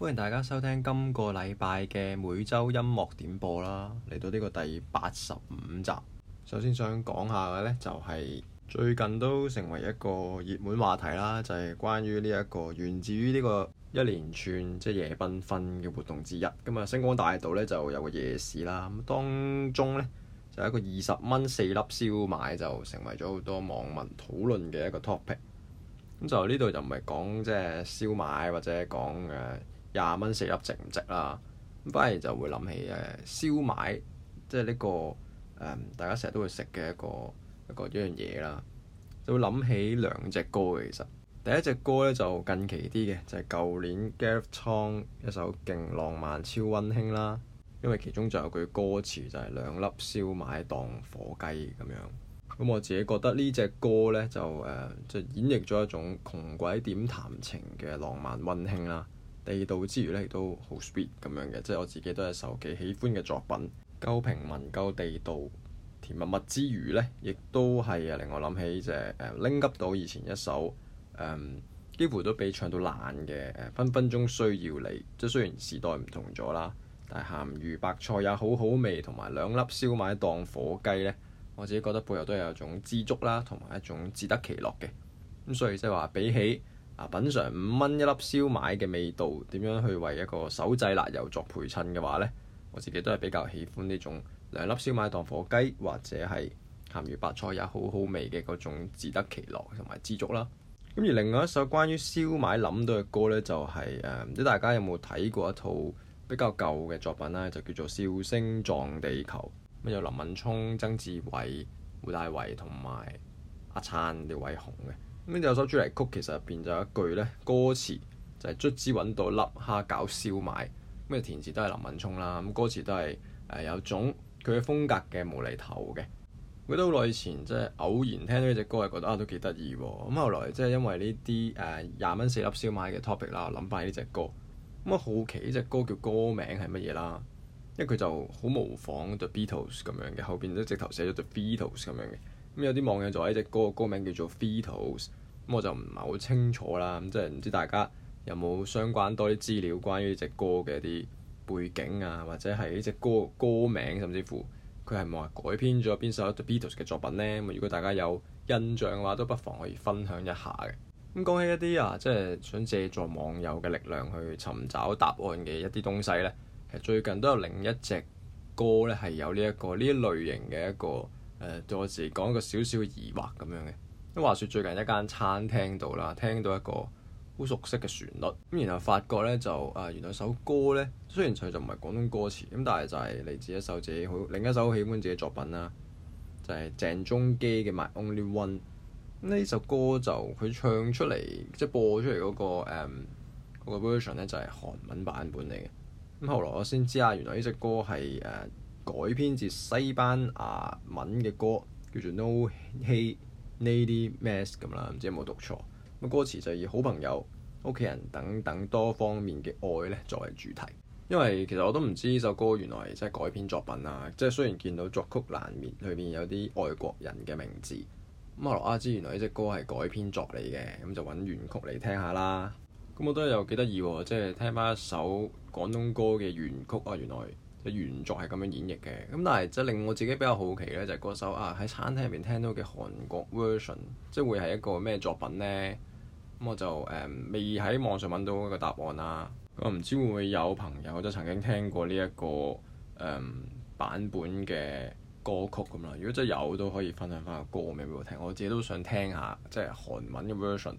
歡迎大家收聽今個禮拜嘅每周音樂點播啦，嚟到呢個第八十五集。首先想講下嘅呢，就係、是、最近都成為一個熱門話題啦，就係、是、關於呢、這、一個源自於呢個一連串即係、就是、夜繽紛嘅活動之一。咁啊，星光大道呢，就有個夜市啦。咁當中呢，就有一個二十蚊四粒燒賣就成為咗好多網民討論嘅一個 topic。咁就呢度就唔係講即係燒賣或者講誒。廿蚊四粒值唔值啦？反而就會諗起誒、啊、燒賣，即係呢、這個、嗯、大家成日都會食嘅一個一個一個樣嘢啦。就會諗起兩隻歌嘅。其實第一隻歌咧，就近期啲嘅，就係、是、舊年 Gareth.T 一首勁浪漫超温馨啦。因為其中仲有句歌詞就係、是、兩粒燒賣當火雞咁樣。咁、嗯、我自己覺得呢隻歌呢，就誒即、呃、演繹咗一種窮鬼點談情嘅浪漫温馨啦。地道之餘呢，亦都好 sweet 咁樣嘅，即係我自己都係一首幾喜歡嘅作品。夠平民，夠地道，甜蜜蜜之餘呢，亦都係令我諗起只誒拎急到以前一首誒、呃、幾乎都俾唱到爛嘅誒，分分鐘需要你。即係雖然時代唔同咗啦，但係鹹魚白菜也好好味，同埋兩粒燒賣當火雞呢，我自己覺得背後都係有一種知足啦，同埋一種自得其樂嘅。咁所以即係話比起品嚐五蚊一粒燒賣嘅味道，點樣去為一個手製辣油作陪襯嘅話呢？我自己都係比較喜歡呢種兩粒燒賣當火雞，或者係鹹魚白菜也好好味嘅嗰種自得其樂同埋知足啦。咁而另外一首關於燒賣諗到嘅歌呢、就是，就係唔知大家有冇睇過一套比較舊嘅作品啦，就叫做《笑聲撞地球》，咁有林敏驄、曾志偉、胡大為同埋阿燦、廖偉雄嘅。咁有首主題曲其實入邊就有一句咧，歌詞就係卒之揾到粒蝦餃燒賣，咁嘅填詞都係林敏聰啦，咁歌詞都係誒、呃、有種佢嘅風格嘅無厘頭嘅。我記得好耐以前即係、呃、偶然聽到呢隻歌，係覺得啊都幾得意喎。咁、啊、後來即係因為呢啲誒廿蚊四粒燒賣嘅 topic 啦，諗翻呢隻歌，咁、嗯、啊好奇呢隻歌叫歌名係乜嘢啦？因為佢就好模仿 The Beatles 咁樣嘅，後邊都直頭寫咗 The Beatles 咁樣嘅。咁有啲網友就話呢隻歌嘅歌名叫做《Beatles》，咁我就唔係好清楚啦，咁即係唔知大家有冇相關多啲資料關於呢隻歌嘅一啲背景啊，或者係呢隻歌歌名，甚至乎佢係咪話改編咗邊首《The Beatles》嘅作品呢？咁如果大家有印象嘅話，都不妨可以分享一下嘅。咁講起一啲啊，即係想借助網友嘅力量去尋找答案嘅一啲東西呢，最近都有另一隻歌呢，係有呢一個呢一類型嘅一個。誒，對我自講一個少少疑惑咁樣嘅。咁話説最近一間餐廳度啦，聽到一個好熟悉嘅旋律，咁然後發覺咧就啊、呃，原來首歌咧雖然佢就唔係廣東歌詞，咁但係就係嚟自一首自己好另一首好喜歡自己作品啦，就係、是、鄭中基嘅《My Only One》。呢首歌就佢唱出嚟，即、就、係、是、播出嚟嗰、那個誒嗰、呃那個 version 咧，就係、是、韓文版本嚟嘅。咁後來我先知啊，原來呢隻歌係誒。呃改編自西班牙文嘅歌，叫做 No Hay Nadie Más 咁啦，唔知有冇讀錯。咁歌詞就以好朋友、屋企人等等多方面嘅愛咧作為主題。因為其實我都唔知呢首歌原來即係改編作品啊，即係雖然見到作曲欄面裏面有啲外國人嘅名字。咁啊羅阿芝原來呢隻歌係改編作嚟嘅，咁就揾原曲嚟聽，聽下啦。咁我都又幾得意喎，即係聽翻一首廣東歌嘅原曲啊，原來～原作係咁樣演繹嘅，咁但係即係令我自己比較好奇咧，就係嗰首啊喺餐廳入邊聽到嘅韓國 version，即係會係一個咩作品呢？咁、嗯、我就誒、嗯、未喺網上揾到一個答案啦、啊。我唔知會唔會有朋友都曾經聽過呢、這、一個誒、嗯、版本嘅歌曲咁啦。如果真係有，都可以分享翻個歌名俾我聽。我自己都想聽下，即係韓文嘅 version，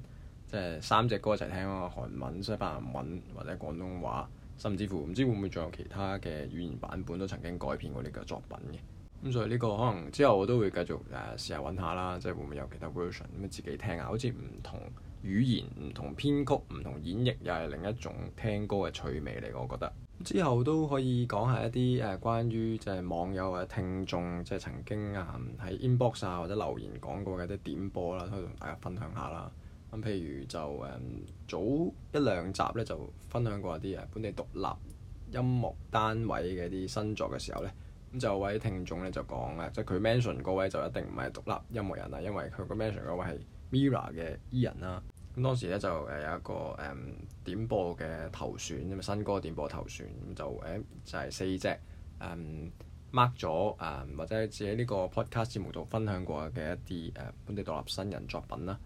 即係三隻歌一齊聽咯。韓文、西班牙文，文或者廣東話。甚至乎唔知會唔會仲有其他嘅語言版本都曾經改編過呢個作品嘅，咁所以呢個可能之後我都會繼續誒、呃、試，試下揾下啦，即係會唔會有其他 version 咁自己聽下，好似唔同語言、唔同編曲、唔同演繹，又係另一種聽歌嘅趣味嚟，我覺得。之後都可以講下一啲誒關於即係網友或者聽眾即係、就是、曾經啊喺 inbox 啊或者留言講過嘅啲點播啦，可以同大家分享下啦。咁譬如就誒、嗯、早一兩集咧，就分享過一啲啊本地獨立音樂單位嘅一啲新作嘅時候咧，咁就有位聽眾咧就講啊，即係佢 mention 嗰位就一定唔係獨立音樂人啦，因為佢個 mention 嗰位係 Mira 嘅 E 人啦。咁當時咧就誒有一個誒、嗯、點播嘅投選因啊新歌點播投選，咁就誒、欸、就係、是、四隻誒、嗯、mark 咗啊，或者自己呢個 podcast 節目度分享過嘅一啲誒、啊、本地獨立新人作品啦。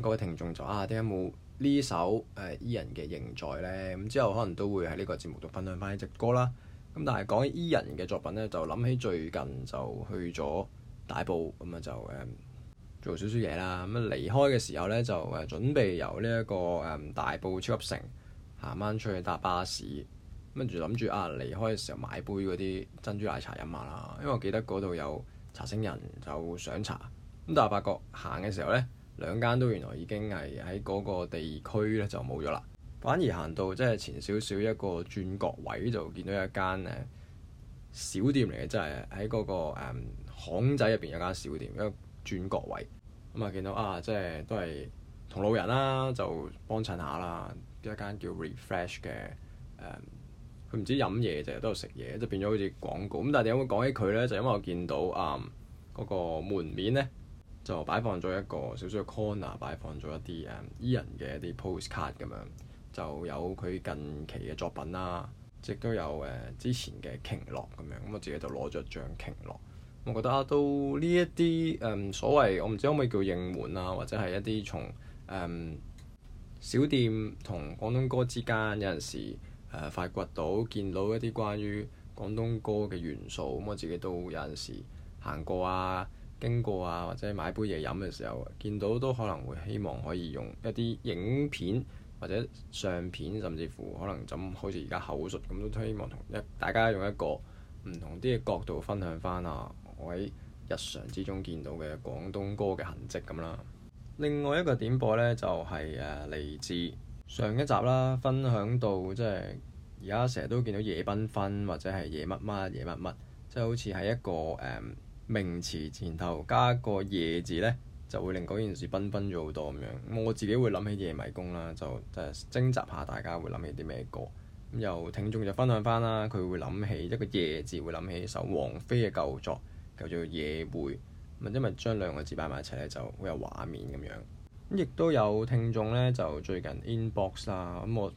各位聽眾就啊點解冇呢首誒伊人嘅仍在呢？咁之後可能都會喺呢個節目度分享翻呢隻歌啦。咁但係講起伊人嘅作品呢，就諗起最近就去咗大埔，咁啊就誒、嗯、做少少嘢啦。咁啊離開嘅時候呢，就誒準備由呢一個誒大埔超級城行翻出去搭巴士，跟住諗住啊離開嘅時候買杯嗰啲珍珠奶茶飲下啦。因為我記得嗰度有茶星人就上茶，咁但係發覺行嘅時候呢，兩間都原來已經係喺嗰個地區咧就冇咗啦，反而行到即係、就是、前少少一個轉角位就見到一間誒小店嚟嘅，即係喺嗰個巷、嗯、仔入邊有間小店，一個轉角位咁啊、嗯，見到啊，即係都係同路人啦、啊，就幫襯下啦。一間叫 Refresh 嘅誒，佢、嗯、唔知飲嘢，成日都喺度食嘢，就係變咗好似廣告。咁、嗯、但係點解會講起佢咧？就因為我見到啊嗰、嗯那個門面咧。就擺放咗一個小小嘅 corner，擺放咗一啲誒 Ian 嘅一啲 postcard 咁樣，就有佢近期嘅作品啦，亦都有誒、uh, 之前嘅鯨落》。咁樣。咁我自己就攞咗張鯨落》。我覺得啊都呢一啲誒所謂我唔知可唔可以叫應援啊，或者係一啲從誒、嗯、小店同廣東歌之間有陣時誒、呃、發掘到見到一啲關於廣東歌嘅元素。咁我自己都有陣時行過啊。經過啊，或者買杯嘢飲嘅時候，見到都可能會希望可以用一啲影片或者相片，甚至乎可能咁好似而家口述咁，都希望同一大家用一個唔同啲嘅角度分享翻啊，我喺日常之中見到嘅廣東歌嘅痕跡咁啦。另外一個點播呢，就係誒嚟自上一集啦，分享到即係而家成日都見到夜繽紛或者係夜乜乜夜乜乜，即係好似係一個誒。嗯名詞前頭加個夜字呢，就會令嗰件事繽紛咗好多咁樣。我自己會諗起夜迷宮啦，就即係徵集下大家會諗起啲咩歌咁，由聽眾就分享返啦，佢會諗起一個夜字會諗起一首王菲嘅舊作叫做《夜會》，唔因為將兩個字擺埋一齊呢，就好有畫面咁樣。亦都有聽眾呢，就最近 inbox 啦，咁我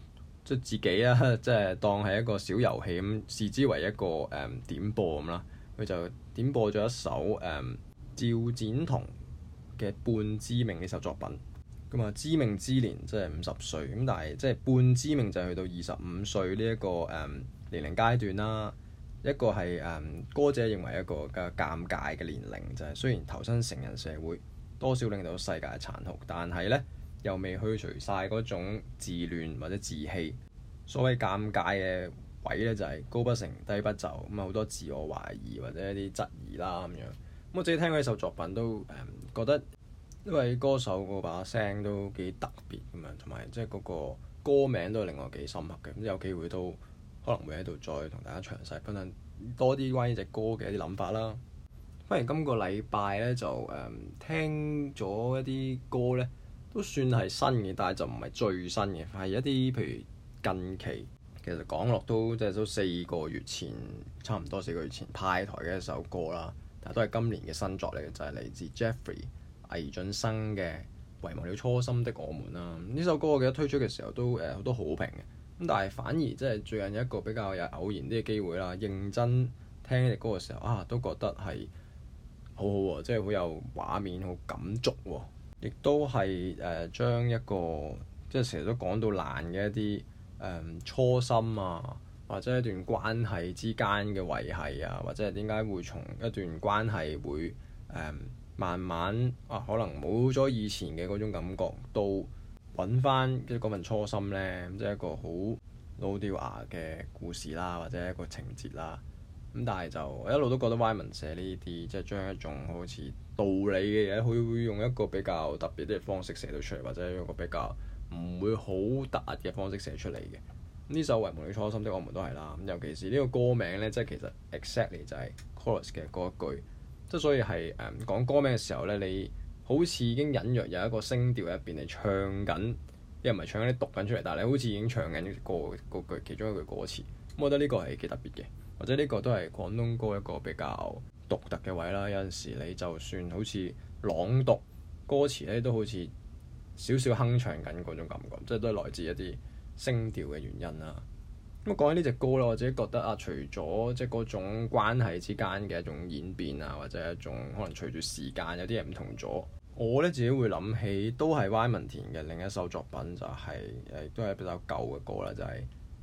即係自己啦、啊，即、就、係、是、當係一個小遊戲咁，視之為一個誒、um, 點播咁啦，佢就。點播咗一首誒、嗯、趙展彤嘅半知命呢首作品，咁啊知命之年即係五十歲，咁但係即係半知命就係去到二十五歲呢、這、一個誒、嗯、年齡階段啦。一個係誒、嗯、歌者認為一個嘅尷尬嘅年齡，就係、是、雖然投身成人社會，多少令到世界殘酷，但係呢又未去除晒嗰種自戀或者自棄。所謂尷尬嘅。位咧就係、是、高不成低不就，咁啊好多自我懷疑或者一啲質疑啦咁樣。咁我自己聽過一首作品都誒、嗯、覺得，因為歌手嗰把聲都幾特別咁樣，同、嗯、埋即係嗰個歌名都令我幾深刻嘅。咁有機會都可能會喺度再同大家詳細分享多啲關於隻歌嘅一啲諗法啦。不如今個禮拜咧就誒、嗯、聽咗一啲歌咧，都算係新嘅，但係就唔係最新嘅，係一啲譬如近期。其實講落都即係都四個月前，差唔多四個月前派台嘅一首歌啦，但都係今年嘅新作嚟嘅，就係、是、嚟自 Jeffrey 魏浚笙嘅《遺忘了初心的我們》啦。呢首歌我記得推出嘅時候都誒好多好評嘅，咁但係反而即係最近有一個比較有偶然啲嘅機會啦，認真聽呢首歌嘅時候啊，都覺得係好好喎、啊，即係好有畫面、好感觸喎、啊，亦都係誒、呃、將一個即係成日都講到爛嘅一啲。誒、嗯、初心啊，或者一段關係之間嘅維繫啊，或者係點解會從一段關係會，誒、嗯、慢慢啊，可能冇咗以前嘅嗰種感覺到揾翻即係嗰份初心咧，即係一個好老掉牙嘅故事啦，或者一個情節啦。咁但係就我一路都覺得、w、Y 文寫呢啲，即係將一種好似道理嘅嘢，佢會用一個比較特別啲嘅方式寫到出嚟，或者用個比較。唔會好特嘅方式寫出嚟嘅。呢首《唯夢與初心遺忘了初心》的我們都係啦。尤其是呢個歌名呢，即係其實 exactly 就係 chorus 嘅嗰一句，即係所以係誒、嗯、講歌名嘅時候呢，你好似已經隱約有一個聲調入邊你唱緊，又唔係唱緊你讀緊出嚟，但係你好似已經唱緊個嗰句其中一句歌詞。嗯、我覺得呢個係幾特別嘅，或者呢個都係廣東歌一個比較獨特嘅位啦。有陣時你就算好似朗讀歌詞呢，都好似～少少哼唱緊嗰種感覺，即係都係來自一啲聲調嘅原因啦。咁講起呢隻歌咧，我自己覺得啊，除咗即係嗰種關係之間嘅一種演變啊，或者一種可能隨住時間有啲嘢唔同咗，我咧自己會諗起都係 Wyman 填嘅另一首作品，就係、是、誒都係比較舊嘅歌啦，就係《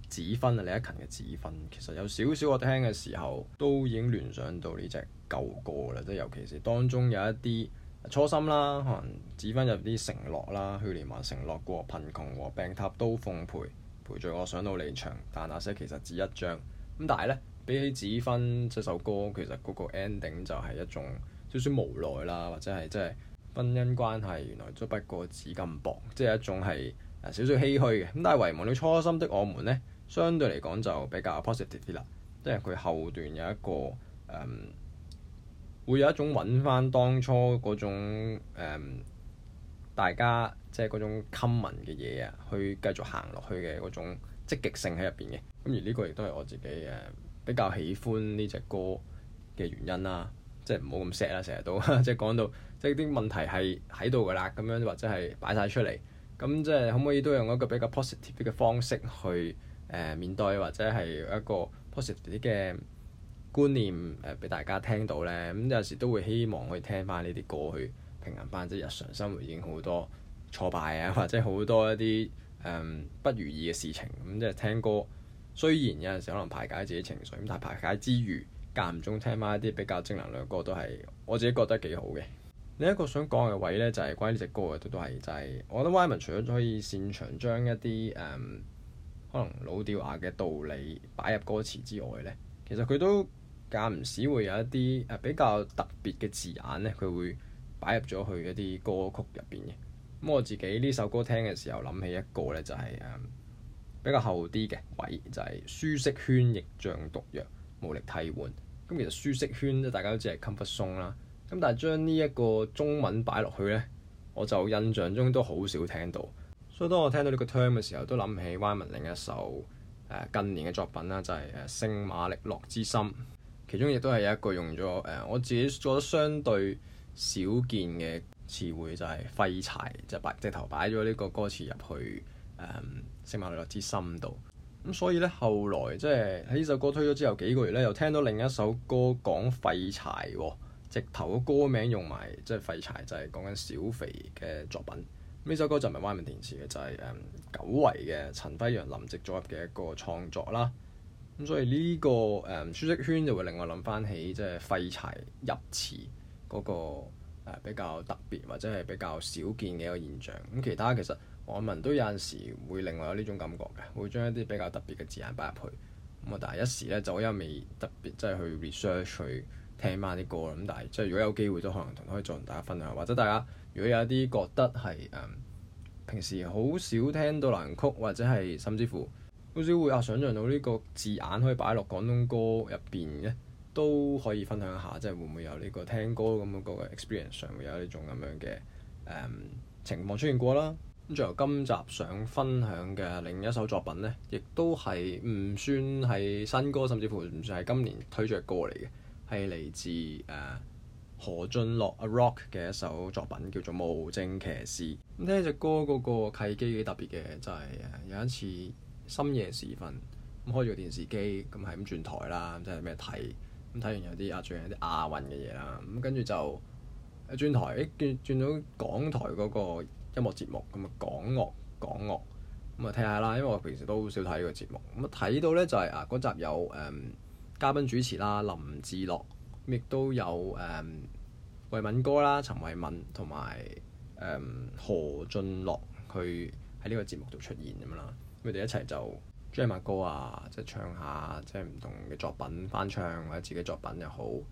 指婚》啊，李克勤嘅《指婚》。其實有少少我聽嘅時候都已經聯想到呢隻舊歌啦，即係尤其是當中有一啲初心啦，可能紙婚入啲承諾啦，去年還承諾過貧窮和病榻都奉陪，陪著我上到離場。但那些其實只一張。咁但係呢，比起紙婚這首歌，其實嗰個 ending 就係一種少少無奈啦，或者係即係婚姻關係原來都不過紙咁薄，即係一種係少少唏噓嘅。咁但係遺忘了初心的我們呢，相對嚟講就比較 positive 啲啦，即係佢後段有一個、um, 會有一種揾翻當初嗰種、呃、大家即係嗰種 common 嘅嘢啊，去繼續行落去嘅嗰種積極性喺入邊嘅。咁而呢個亦都係我自己誒、呃、比較喜歡呢隻歌嘅原因啦。即係唔好咁 sad 啦，成日都 即係講到即係啲問題係喺度㗎啦，咁樣或者係擺晒出嚟。咁即係可唔可以都用一個比較 positive 嘅方式去誒、呃、面對，或者係一個 positive 嘅，觀念誒俾、呃、大家聽到呢，咁、嗯、有時都會希望去聽翻呢啲歌去平衡翻，即係日常生活已經好多挫敗啊，或者好多一啲誒、嗯、不如意嘅事情。咁、嗯、即係聽歌，雖然有陣時可能排解自己情緒，咁但係排解之餘，間唔中聽翻一啲比較正能量嘅歌都係我自己覺得幾好嘅。另一個想講嘅位呢，就係、是、關於呢隻歌嘅都都係，就係、是、我覺得 Wyman 除咗可以擅長將一啲誒、嗯、可能老掉牙嘅道理擺入歌詞之外呢，其實佢都～間唔時會有一啲誒比較特別嘅字眼咧，佢會擺入咗去一啲歌曲入邊嘅。咁我自己呢首歌聽嘅時候，諗起一個呢就係、是嗯、比較後啲嘅位，就係、是、舒適圈亦像毒藥，無力替換。咁其實舒適圈大家都知係 comfort zone 啦。咁但係將呢一個中文擺落去呢，我就印象中都好少聽到。所以當我聽到呢個 term 嘅時候，都諗起 Wyman 另一首、啊、近年嘅作品啦，就係誒《聖馬力諾之心》。其中亦都係有一個用咗誒、呃，我自己做咗相對少見嘅詞彙，就係廢柴，就擺直頭擺咗呢個歌詞入去誒《星、嗯、馬裏落之心》度。咁所以呢，後來即係喺呢首歌推咗之後幾個月呢又聽到另一首歌講廢柴，直頭個歌名用埋即係廢柴，就係、是、講緊小肥嘅作品。呢首歌就唔係《歪面電視》嘅、就是，就係誒久違嘅陳輝陽、林夕組合嘅一個創作啦。咁所以呢、這個誒舒適圈就會另外諗翻起即係、就是、廢柴入詞嗰、那個、呃、比較特別或者係比較少見嘅一個現象。咁、嗯、其他其實我聞都有陣時會另外有呢種感覺嘅，會將一啲比較特別嘅字眼擺入去。咁、嗯、啊，但係一時咧就因為未特別、就是嗯、即係去 research 去聽翻啲歌咁，但係即係如果有機會都可能同可以再同大家分享，或者大家如果有一啲覺得係誒、嗯、平時好少聽到流行曲，或者係甚至乎。好似會啊！想象到呢個字眼可以擺落廣東歌入邊咧，都可以分享下，即係會唔會有呢個聽歌咁嘅個 experience 上會有呢種咁樣嘅誒、嗯、情況出現過啦。咁最後今集想分享嘅另一首作品呢，亦都係唔算係新歌，甚至乎唔算係今年推出嘅歌嚟嘅，係嚟自誒、啊、何晉樂 rock 嘅一首作品，叫做《無證騎士》。咁聽隻歌嗰個契機幾特別嘅，就係、是啊、有一次。深夜時分咁、嗯、開住個電視機，咁係咁轉台啦，咁即係咩睇咁睇完有啲啊，最近有啲亞運嘅嘢啦，咁、嗯、跟住就轉台，誒、欸、轉咗港台嗰個音樂節目，咁啊港樂港樂咁啊睇下啦，因為我平時都好少睇呢個節目咁、嗯就是、啊睇到咧就係啊嗰集有誒、嗯、嘉賓主持啦，林志樂亦、嗯、都有誒衞文哥啦，陳慧敏同埋誒何晉樂佢喺呢個節目度出現咁啦。佢哋一齊就 jam 下歌啊，即、就、係、是、唱下，即係唔同嘅作品翻唱或者自己作品又好，講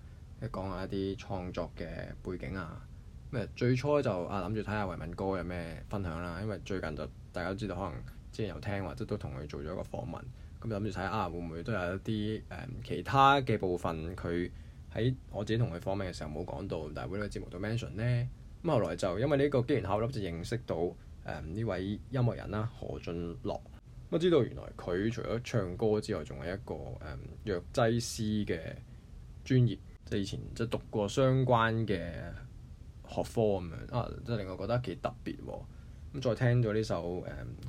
一講下一啲創作嘅背景啊。咁最初就啊諗住睇下維民哥有咩分享啦，因為最近就大家都知道可能之前有聽或者都同佢做咗一個訪問，咁諗住睇下啊會唔會都有一啲誒、嗯、其他嘅部分，佢喺我自己同佢訪問嘅時候冇講到，但係會喺個節目度 mention 呢。咁、嗯、後來就因為呢個機緣巧合就認識到誒呢、嗯、位音樂人啦、啊，何晉樂。我知道原來佢除咗唱歌之外，仲係一個誒、嗯、藥劑師嘅專業，即係以前即係讀過相關嘅學科咁樣啊，真係令我覺得幾特別。咁再聽咗呢首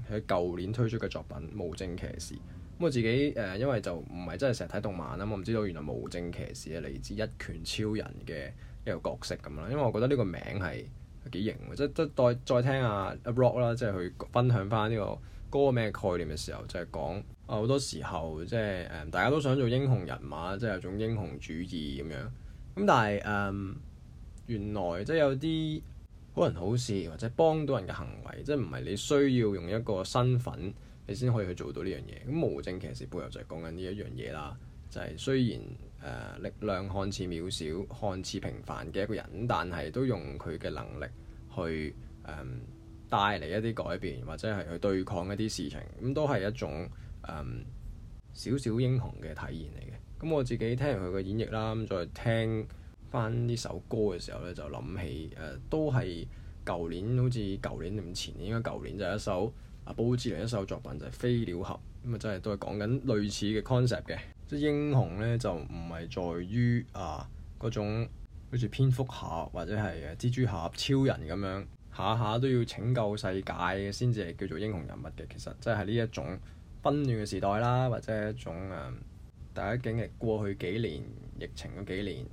誒喺舊年推出嘅作品《無證騎士》，咁我自己誒、嗯、因為就唔係真係成日睇動漫啊，我唔知道原來無證騎士係嚟自一拳超人嘅一個角色咁啦。因為我覺得呢個名係。幾型，即即再再聽阿 Rock 啦，即係去分享翻呢個歌名概念嘅時候，就係講啊好多時候即係誒、嗯，大家都想做英雄人馬，即係有種英雄主義咁樣。咁但係誒、嗯，原來即係有啲好人好事或者幫到人嘅行為，即係唔係你需要用一個身份你先可以去做到呢樣嘢。咁無證騎士背後就係講緊呢一樣嘢啦，就係雖然。誒、呃、力量看似渺小，看似平凡嘅一個人，但係都用佢嘅能力去誒、呃、帶嚟一啲改變，或者係去對抗一啲事情，咁、嗯、都係一種誒少、嗯、小，小英雄嘅體現嚟嘅。咁、嗯、我自己聽完佢嘅演繹啦，咁、嗯、再聽翻呢首歌嘅時候呢，就諗起誒、呃、都係舊年，好似舊年定前年，應該舊年就一首阿、啊、布志綸一首作品就係、是《飛鳥俠》，咁、嗯、啊真係都係講緊類似嘅 concept 嘅。即英雄呢，就唔係在於啊嗰種好似蝙蝠俠或者係蜘蛛俠、超人咁樣下下都要拯救世界先至係叫做英雄人物嘅。其實即係呢一種紛亂嘅時代啦，或者一種誒、啊、大家經歷過去幾年疫情嗰幾年，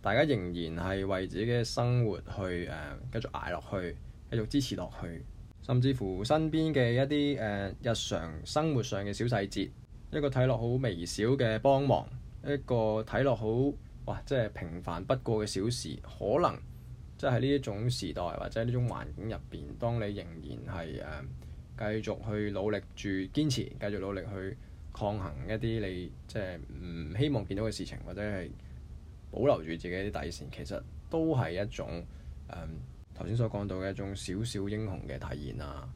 大家仍然係為自己嘅生活去誒、啊、繼續捱落去，繼續支持落去，甚至乎身邊嘅一啲、啊、日常生活上嘅小細節。一個睇落好微小嘅幫忙，一個睇落好哇，即係平凡不過嘅小事，可能即係呢一種時代或者呢種環境入邊，當你仍然係誒繼續去努力住、堅持，繼續努力去抗衡一啲你即係唔希望見到嘅事情，或者係保留住自己啲底線，其實都係一種誒頭先所講到嘅一種小小英雄嘅體現啦。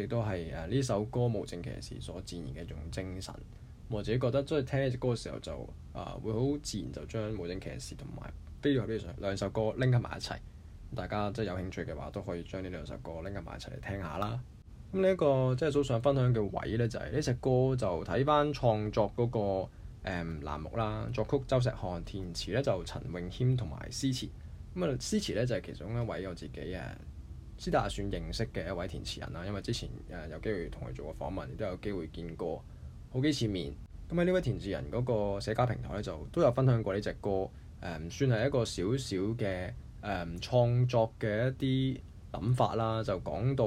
亦都係誒呢首歌《無證騎士》所展現嘅一種精神，我自己覺得即係聽呢首歌嘅時候就啊會好自然就將《無證騎士》同埋《Beautiful》兩首歌拎喺埋一齊。大家即係有興趣嘅話，都可以將呢兩首歌拎喺埋一齊嚟聽下啦。咁呢、這個即係早上分享嘅位咧，就係、是、呢首歌就睇翻創作嗰、那個誒欄目啦。作曲周石韓，填詞咧就陳詠謙同埋詩詞。咁啊詩詞咧就係、是、其中一位我自己啊。知但係算認識嘅一位填詞人啦，因為之前誒有機會同佢做過訪問，亦都有機會見過好幾次面。咁喺呢位填詞人嗰個社交平台咧，就都有分享過呢隻歌，誒、嗯、算係一個少少嘅誒創作嘅一啲諗法啦。就講到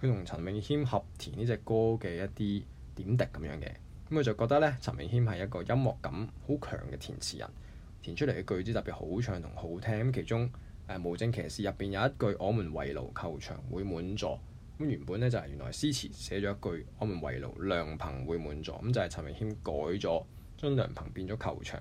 佢同陳明謙合填呢隻歌嘅一啲點滴咁樣嘅，咁佢就覺得咧陳明謙係一個音樂感好強嘅填詞人，填出嚟嘅句子特別好唱同好聽，咁其中。誒無證騎士入邊有一句，我們圍爐球場會滿座。原本呢就係、是、原來詩詞寫咗一句，我們圍爐良朋會滿座。咁就係、是、陳詠謙改咗，將良朋變咗球場。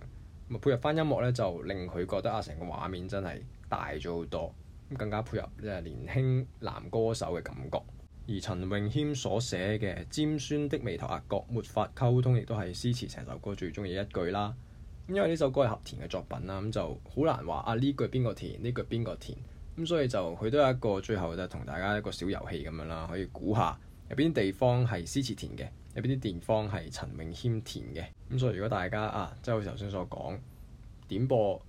配合翻音樂呢，就令佢覺得啊，成個畫面真係大咗好多。更加配合年輕男歌手嘅感覺。而陳詠謙所寫嘅尖酸的眉頭額角沒法溝通，亦都係詩詞成首歌最中意一句啦。因為呢首歌係合填嘅作品啦，咁就好難話啊呢句邊個填，呢句邊個填，咁所以就佢都有一個最後就同大家一個小遊戲咁樣啦，可以估下有邊啲地方係詩詞填嘅，有邊啲地方係陳詠謙填嘅，咁所以如果大家啊，即係好似頭先所講點播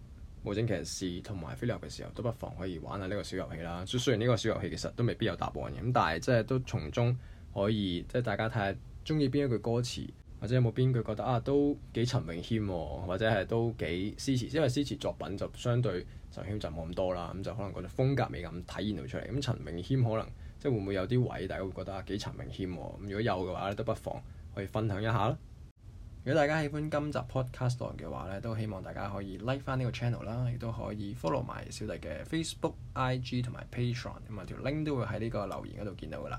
無證騎士》同埋飛鴨嘅時候，都不妨可以玩下呢個小遊戲啦。雖雖然呢個小遊戲其實都未必有答案嘅，咁但係即係都從中可以即係大家睇下中意邊一句歌詞，或者有冇邊句覺得啊都幾陳詠謙，哦，或者係都幾詩詞，因為詩詞作品就相對陳謙就冇咁多啦，咁就可能覺得風格未咁體現到出嚟。咁陳詠謙可能即係會唔會有啲位，大家會覺得幾陳詠謙咁，哦？如果有嘅話咧，都不妨可以分享一下啦。如果大家喜歡今集 podcast 嘅話咧，都希望大家可以 like 翻呢個 channel 啦，亦都可以 follow 埋小弟嘅 Facebook、IG 同埋 Patreon，咁啊條 link 都會喺呢個留言嗰度見到噶啦。